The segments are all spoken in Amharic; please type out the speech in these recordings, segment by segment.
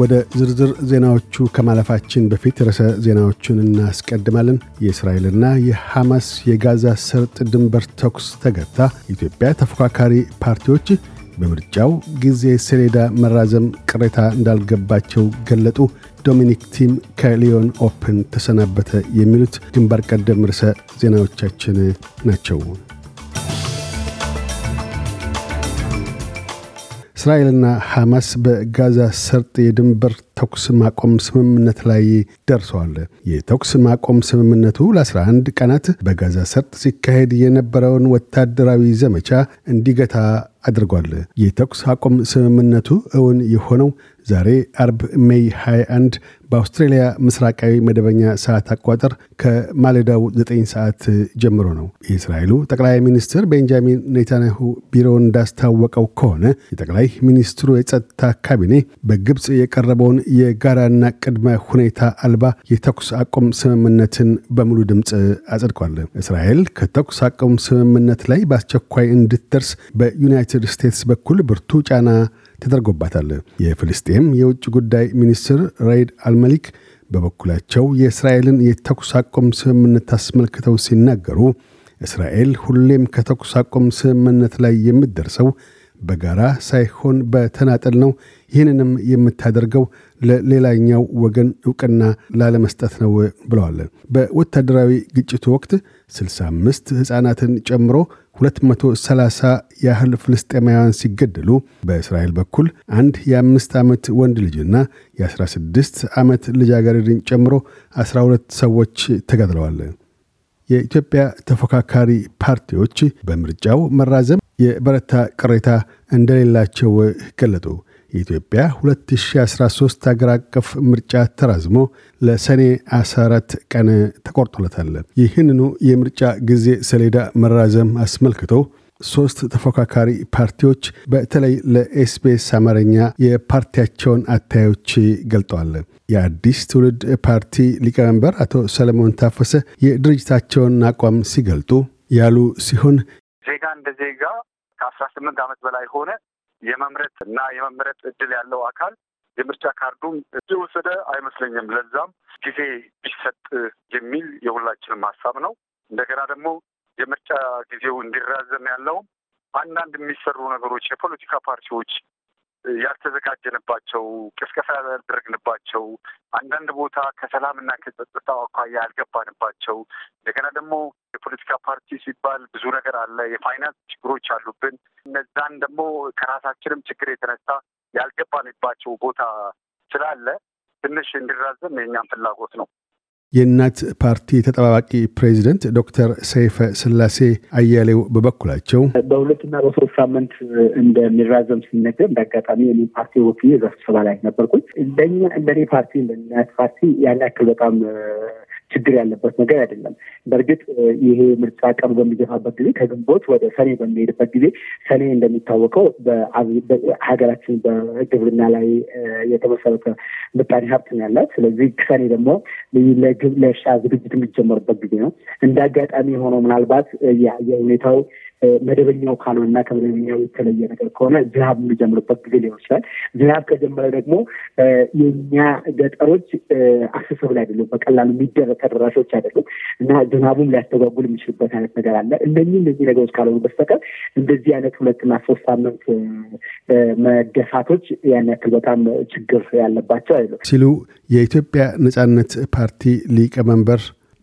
ወደ ዝርዝር ዜናዎቹ ከማለፋችን በፊት ርዕሰ ዜናዎቹን እናስቀድማለን። የእስራኤልና የሐማስ የጋዛ ሰርጥ ድንበር ተኩስ ተገታ። ኢትዮጵያ ተፎካካሪ ፓርቲዎች በምርጫው ጊዜ ሰሌዳ መራዘም ቅሬታ እንዳልገባቸው ገለጡ። ዶሚኒክ ቲም ከሊዮን ኦፕን ተሰናበተ። የሚሉት ግንባር ቀደም ርዕሰ ዜናዎቻችን ናቸው። እስራኤልና ሐማስ በጋዛ ሰርጥ የድንበር ተኩስ ማቆም ስምምነት ላይ ደርሰዋል። የተኩስ ማቆም ስምምነቱ ለ11 ቀናት በጋዛ ሰርጥ ሲካሄድ የነበረውን ወታደራዊ ዘመቻ እንዲገታ አድርጓል። የተኩስ አቁም ስምምነቱ እውን የሆነው ዛሬ አርብ ሜይ 21 በአውስትሬልያ ምስራቃዊ መደበኛ ሰዓት አቋጠር ከማለዳው 9 ሰዓት ጀምሮ ነው። የእስራኤሉ ጠቅላይ ሚኒስትር ቤንጃሚን ኔታንያሁ ቢሮ እንዳስታወቀው ከሆነ የጠቅላይ ሚኒስትሩ የጸጥታ ካቢኔ በግብፅ የቀረበውን የጋራና ቅድመ ሁኔታ አልባ የተኩስ አቁም ስምምነትን በሙሉ ድምፅ አጽድቋል። እስራኤል ከተኩስ አቁም ስምምነት ላይ በአስቸኳይ እንድትደርስ በዩናይትድ ስቴትስ በኩል ብርቱ ጫና ተደርጎባታል። የፍልስጤም የውጭ ጉዳይ ሚኒስትር ራይድ አልመሊክ በበኩላቸው የእስራኤልን የተኩስ አቁም ስምምነት አስመልክተው ሲናገሩ እስራኤል ሁሌም ከተኩስ አቁም ስምምነት ላይ የምትደርሰው በጋራ ሳይሆን በተናጠል ነው። ይህንንም የምታደርገው ለሌላኛው ወገን እውቅና ላለመስጠት ነው ብለዋል። በወታደራዊ ግጭቱ ወቅት 65 ሕፃናትን ጨምሮ 230 ያህል ፍልስጤማውያን ሲገደሉ በእስራኤል በኩል አንድ የአምስት ዓመት ወንድ ልጅና የ16 ዓመት ልጃገረድን ጨምሮ 12 ሰዎች ተገድለዋል። የኢትዮጵያ ተፎካካሪ ፓርቲዎች በምርጫው መራዘም የበረታ ቅሬታ እንደሌላቸው ገለጡ። የኢትዮጵያ 2013 አገር አቀፍ ምርጫ ተራዝሞ ለሰኔ 14 ቀን ተቆርጦለታል። ይህንኑ የምርጫ ጊዜ ሰሌዳ መራዘም አስመልክቶ ሶስት ተፎካካሪ ፓርቲዎች በተለይ ለኤስቢኤስ አማርኛ የፓርቲያቸውን አታዮች ገልጠዋል። የአዲስ ትውልድ ፓርቲ ሊቀመንበር አቶ ሰለሞን ታፈሰ የድርጅታቸውን አቋም ሲገልጡ ያሉ ሲሆን ዜጋ እንደ ዜጋ ከአስራ ስምንት ዓመት በላይ ሆነ የመምረጥ እና የመመረጥ እድል ያለው አካል የምርጫ ካርዱም የወሰደ አይመስለኝም። ለዛም ጊዜ ቢሰጥ የሚል የሁላችንም ሀሳብ ነው። እንደገና ደግሞ የምርጫ ጊዜው እንዲራዘም ያለውም አንዳንድ የሚሰሩ ነገሮች የፖለቲካ ፓርቲዎች ያልተዘጋጀንባቸው ቅስቀሳ ያላደረግንባቸው አንዳንድ ቦታ ከሰላምና ከጸጥታው አኳያ ያልገባንባቸው እንደገና ደግሞ የፖለቲካ ፓርቲ ሲባል ብዙ ነገር አለ። የፋይናንስ ችግሮች አሉብን። እነዛን ደግሞ ከራሳችንም ችግር የተነሳ ያልገባንባቸው ቦታ ስላለ ትንሽ እንዲራዘም የእኛም ፍላጎት ነው። የእናት ፓርቲ ተጠባባቂ ፕሬዚደንት ዶክተር ሰይፈ ስላሴ አያሌው በበኩላቸው በሁለትና በሶስት ሳምንት እንደሚራዘም ሲነገር እንዳጋጣሚ የኔ ፓርቲ ወክዬ እዛ ስብሰባ ላይ ነበርኩኝ። እንደኛ እንደኔ ፓርቲ እንደእናት ፓርቲ ያን ያክል በጣም ችግር ያለበት ነገር አይደለም። በእርግጥ ይሄ ምርጫ ቀኑ በሚገፋበት ጊዜ ከግንቦት ወደ ሰኔ በሚሄድበት ጊዜ ሰኔ እንደሚታወቀው ሀገራችን በግብርና ላይ የተመሰረተ ምጣኔ ሀብት ነው ያላት። ስለዚህ ሰኔ ደግሞ ለእርሻ ዝግጅት የሚጀመርበት ጊዜ ነው። እንደ አጋጣሚ የሆነው ምናልባት የሁኔታው መደበኛው እና ከመደበኛው የተለየ ነገር ከሆነ ዝናብ የሚጀምርበት ጊዜ ሊሆን ይችላል። ዝናብ ከጀመረ ደግሞ የኛ ገጠሮች አስሰብ ላይ አይደሉም፣ በቀላሉ የሚደረ ተደራሾች አይደሉም እና ዝናቡም ሊያስተጓጉል የሚችልበት አይነት ነገር አለ። እነዚህ እነዚህ ነገሮች ካልሆኑ በስተቀር እንደዚህ አይነት ሁለትና ሶስት ሳምንት መደፋቶች ያን ያክል በጣም ችግር ያለባቸው አይደሉም ሲሉ የኢትዮጵያ ነጻነት ፓርቲ ሊቀመንበር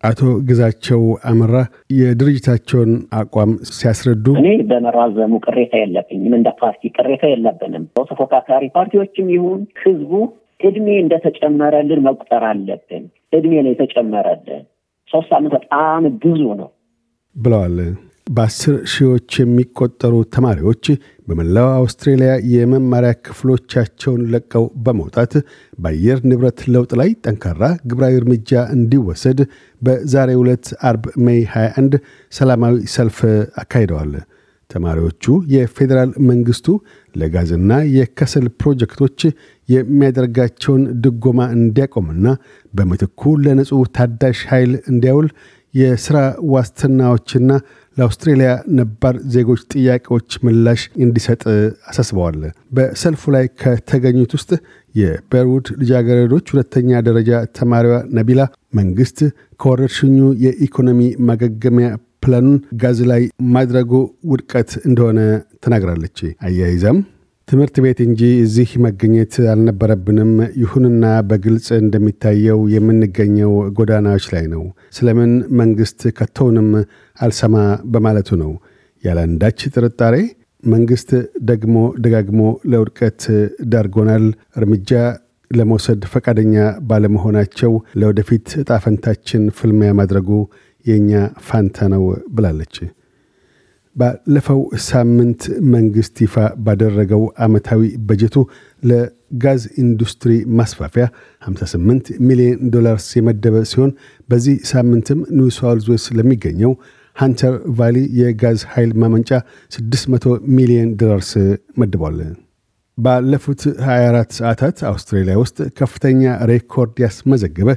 አቶ ግዛቸው አመራ የድርጅታቸውን አቋም ሲያስረዱ እኔ በመራዘሙ ቅሬታ የለብኝም። እንደ ፓርቲ ቅሬታ የለብንም። ተፎካካሪ ፓርቲዎችም ይሁን ህዝቡ እድሜ እንደተጨመረልን መቁጠር አለብን። እድሜ ነው የተጨመረልን። ሶስት ሳምንት በጣም ብዙ ነው ብለዋል። በአስር ሺዎች የሚቆጠሩ ተማሪዎች በመላው አውስትሬልያ የመማሪያ ክፍሎቻቸውን ለቀው በመውጣት በአየር ንብረት ለውጥ ላይ ጠንካራ ግብራዊ እርምጃ እንዲወሰድ በዛሬ ሁለት አርብ ሜይ 21 ሰላማዊ ሰልፍ አካሂደዋል። ተማሪዎቹ የፌዴራል መንግስቱ ለጋዝና የከሰል ፕሮጀክቶች የሚያደርጋቸውን ድጎማ እንዲያቆምና በምትኩ ለንጹሕ ታዳሽ ኃይል እንዲያውል የሥራ ዋስትናዎችና ለአውስትሬልያ ነባር ዜጎች ጥያቄዎች ምላሽ እንዲሰጥ አሳስበዋል። በሰልፉ ላይ ከተገኙት ውስጥ የበርውድ ልጃገረዶች ሁለተኛ ደረጃ ተማሪዋ ነቢላ መንግስት ከወረርሽኙ የኢኮኖሚ ማገገሚያ ፕላኑን ጋዝ ላይ ማድረጉ ውድቀት እንደሆነ ተናግራለች። አያይዛም ትምህርት ቤት እንጂ እዚህ መገኘት አልነበረብንም። ይሁንና በግልጽ እንደሚታየው የምንገኘው ጎዳናዎች ላይ ነው። ስለምን መንግሥት ከቶውንም አልሰማ በማለቱ ነው። ያለ አንዳች ጥርጣሬ መንግሥት ደግሞ ደጋግሞ ለውድቀት ዳርጎናል። እርምጃ ለመውሰድ ፈቃደኛ ባለመሆናቸው ለወደፊት እጣ ፍልሚያ ማድረጉ የእኛ ፋንታ ነው ብላለች። ባለፈው ሳምንት መንግስት ይፋ ባደረገው አመታዊ በጀቱ ለጋዝ ኢንዱስትሪ ማስፋፊያ 58 ሚሊዮን ዶላርስ የመደበ ሲሆን በዚህ ሳምንትም ኒውሳውልዝ ሳውዝ ለሚገኘው ሃንተር ቫሊ የጋዝ ኃይል ማመንጫ 600 ሚሊዮን ዶላርስ መድቧል። ባለፉት 24 ሰዓታት አውስትራሊያ ውስጥ ከፍተኛ ሬኮርድ ያስመዘገበ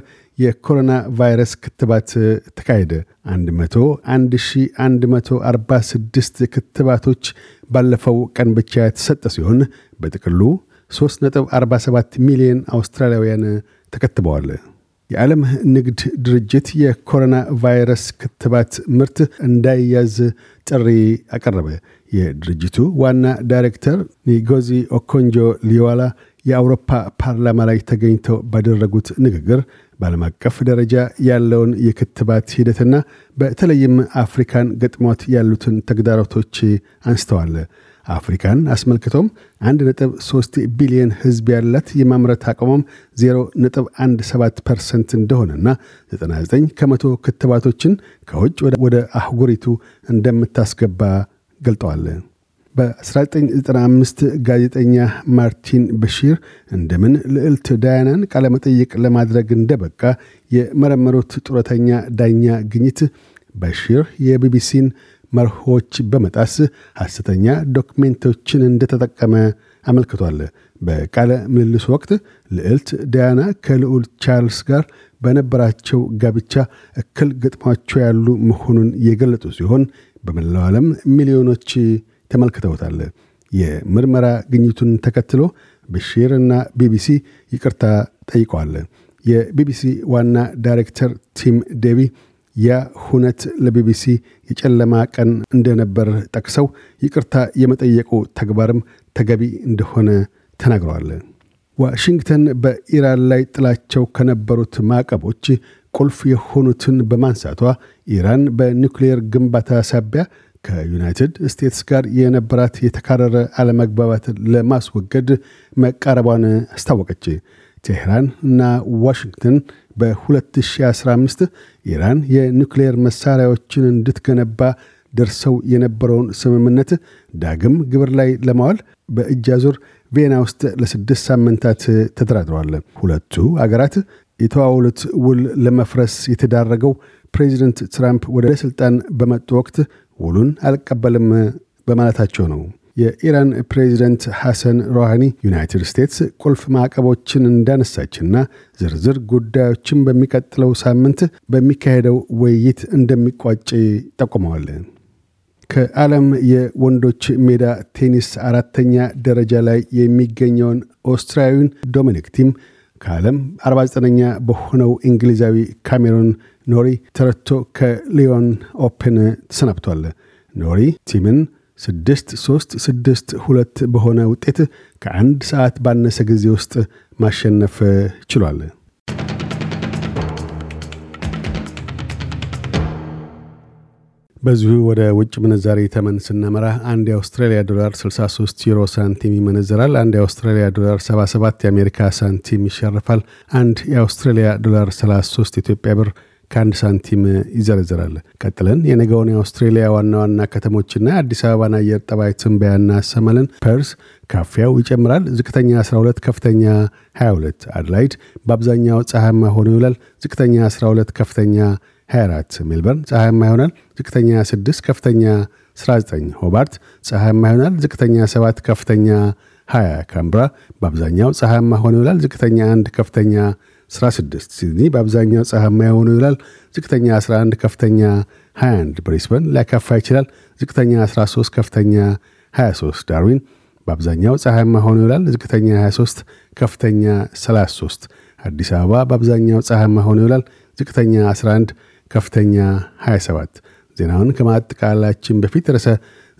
የኮሮና ቫይረስ ክትባት ተካሄደ። 11146 ክትባቶች ባለፈው ቀን ብቻ የተሰጠ ሲሆን በጥቅሉ 3.47 ሚሊዮን አውስትራሊያውያን ተከትበዋል። የዓለም ንግድ ድርጅት የኮሮና ቫይረስ ክትባት ምርት እንዳይያዝ ጥሪ አቀረበ። የድርጅቱ ዋና ዳይሬክተር ኒጎዚ ኦኮንጆ ሊዋላ የአውሮፓ ፓርላማ ላይ ተገኝተው ባደረጉት ንግግር በዓለም አቀፍ ደረጃ ያለውን የክትባት ሂደትና በተለይም አፍሪካን ገጥሟት ያሉትን ተግዳሮቶች አንስተዋል። አፍሪካን አስመልክቶም 1.3 ቢሊዮን ህዝብ ያላት የማምረት አቅሞም 0.17 ፐርሰንት እንደሆነና 99 ከመቶ ክትባቶችን ከውጭ ወደ አህጉሪቱ እንደምታስገባ ገልጠዋል። በ1995 ጋዜጠኛ ማርቲን በሺር እንደምን ልዕልት ዳያናን ቃለመጠይቅ ለማድረግ እንደበቃ የመረመሩት ጡረተኛ ዳኛ ግኝት በሺር የቢቢሲን መርሆች በመጣስ ሐሰተኛ ዶክሜንቶችን እንደተጠቀመ አመልክቷል። በቃለ ምልልሱ ወቅት ልዕልት ዳያና ከልዑል ቻርልስ ጋር በነበራቸው ጋብቻ እክል ገጥሟቸው ያሉ መሆኑን የገለጹ ሲሆን በመላው ዓለም ሚሊዮኖች ተመልክተውታል። የምርመራ ግኝቱን ተከትሎ ብሽርና ቢቢሲ ይቅርታ ጠይቀዋል። የቢቢሲ ዋና ዳይሬክተር ቲም ዴቪ ያ ሁነት ለቢቢሲ የጨለማ ቀን እንደነበር ጠቅሰው ይቅርታ የመጠየቁ ተግባርም ተገቢ እንደሆነ ተናግረዋል። ዋሽንግተን በኢራን ላይ ጥላቸው ከነበሩት ማዕቀቦች ቁልፍ የሆኑትን በማንሳቷ ኢራን በኒውክሌር ግንባታ ሳቢያ ከዩናይትድ ስቴትስ ጋር የነበራት የተካረረ አለመግባባት ለማስወገድ መቃረቧን አስታወቀች። ቴህራን እና ዋሽንግተን በ2015 ኢራን የኒውክሌር መሳሪያዎችን እንድትገነባ ደርሰው የነበረውን ስምምነት ዳግም ግብር ላይ ለማዋል በእጃ ዙር ቬና ውስጥ ለስድስት ሳምንታት ተደራድረዋል። ሁለቱ አገራት የተዋውሉት ውል ለመፍረስ የተዳረገው ፕሬዚደንት ትራምፕ ወደ ሥልጣን በመጡ ወቅት ውሉን አልቀበልም በማለታቸው ነው። የኢራን ፕሬዚደንት ሐሰን ሮሃኒ ዩናይትድ ስቴትስ ቁልፍ ማዕቀቦችን እንዳነሳችና ዝርዝር ጉዳዮችን በሚቀጥለው ሳምንት በሚካሄደው ውይይት እንደሚቋጭ ጠቁመዋል። ከዓለም የወንዶች ሜዳ ቴኒስ አራተኛ ደረጃ ላይ የሚገኘውን ኦስትራያዊን ዶሚኒክ ቲም ከዓለም 49ኛ በሆነው እንግሊዛዊ ካሜሮን ኖሪ ተረቶ ከሊዮን ኦፕን ተሰናብቷል። ኖሪ ቲምን ስድስት ሶስት ስድስት ሁለት በሆነ ውጤት ከአንድ ሰዓት ባነሰ ጊዜ ውስጥ ማሸነፍ ችሏል። በዚሁ ወደ ውጭ ምንዛሪ ተመን ስናመራ አንድ የአውስትራሊያ ዶላር 63 ዩሮ ሳንቲም ይመነዘራል። አንድ የአውስትራሊያ ዶላር 77 የአሜሪካ ሳንቲም ይሸርፋል። አንድ የአውስትራሊያ ዶላር 33 ኢትዮጵያ ብር ከአንድ ሳንቲም ይዘረዝራል። ቀጥለን የነገውን የአውስትሬሊያ ዋና ዋና ከተሞችና አዲስ አበባን አየር ጠባይ ትንበያና አሰማልን። ፐርስ ካፊያው ይጨምራል። ዝቅተኛ 12፣ ከፍተኛ 22። አድላይድ በአብዛኛው ፀሐያማ ሆኖ ይውላል። ዝቅተኛ 12፣ ከፍተኛ 24። ሜልበርን ፀሐያማ ይሆናል። ዝቅተኛ 6፣ ከፍተኛ 19። ሆባርት ፀሐያማ ይሆናል። ዝቅተኛ 7፣ ከፍተኛ 20። ካምብራ በአብዛኛው ፀሐያማ ሆኖ ይውላል። ዝቅተኛ 1፣ ከፍተኛ 16 ሲድኒ በአብዛኛው ፀሐማ የሆኑ ይውላል። ዝቅተኛ 11 ከፍተኛ 21 ብሪስበን ሊያካፋ ይችላል። ዝቅተኛ 13 ከፍተኛ 23 ዳርዊን በአብዛኛው ፀሐያማ ሆኖ ይውላል። ዝቅተኛ 23 ከፍተኛ 33 አዲስ አበባ በአብዛኛው ፀሐማ ሆኖ ይውላል። ዝቅተኛ 11 ከፍተኛ 27 ዜናውን ከማጠቃላችን በፊት ርዕሰ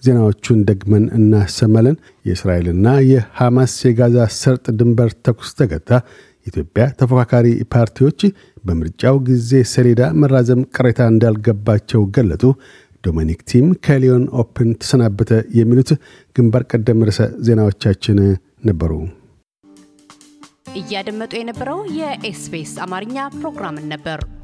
ዜናዎቹን ደግመን እናሰማለን። የእስራኤልና የሐማስ የጋዛ ሰርጥ ድንበር ተኩስ ተገታ። ኢትዮጵያ ተፎካካሪ ፓርቲዎች በምርጫው ጊዜ ሰሌዳ መራዘም ቅሬታ እንዳልገባቸው ገለጡ። ዶሚኒክ ቲም ከሊዮን ኦፕን ተሰናበተ። የሚሉት ግንባር ቀደም ርዕሰ ዜናዎቻችን ነበሩ። እያደመጡ የነበረው የኤስፔስ አማርኛ ፕሮግራምን ነበር።